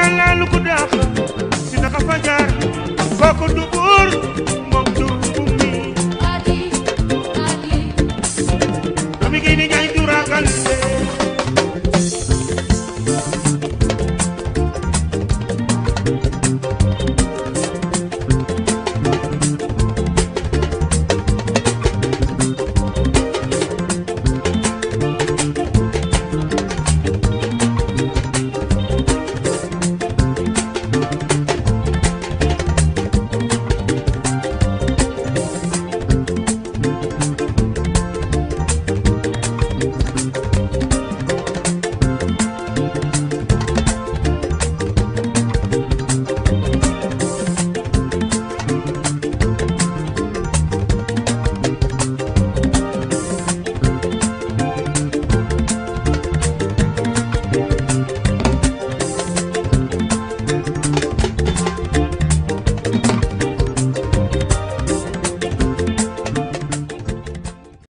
yàlla lu ko dàq si dafa fa jaar kooku du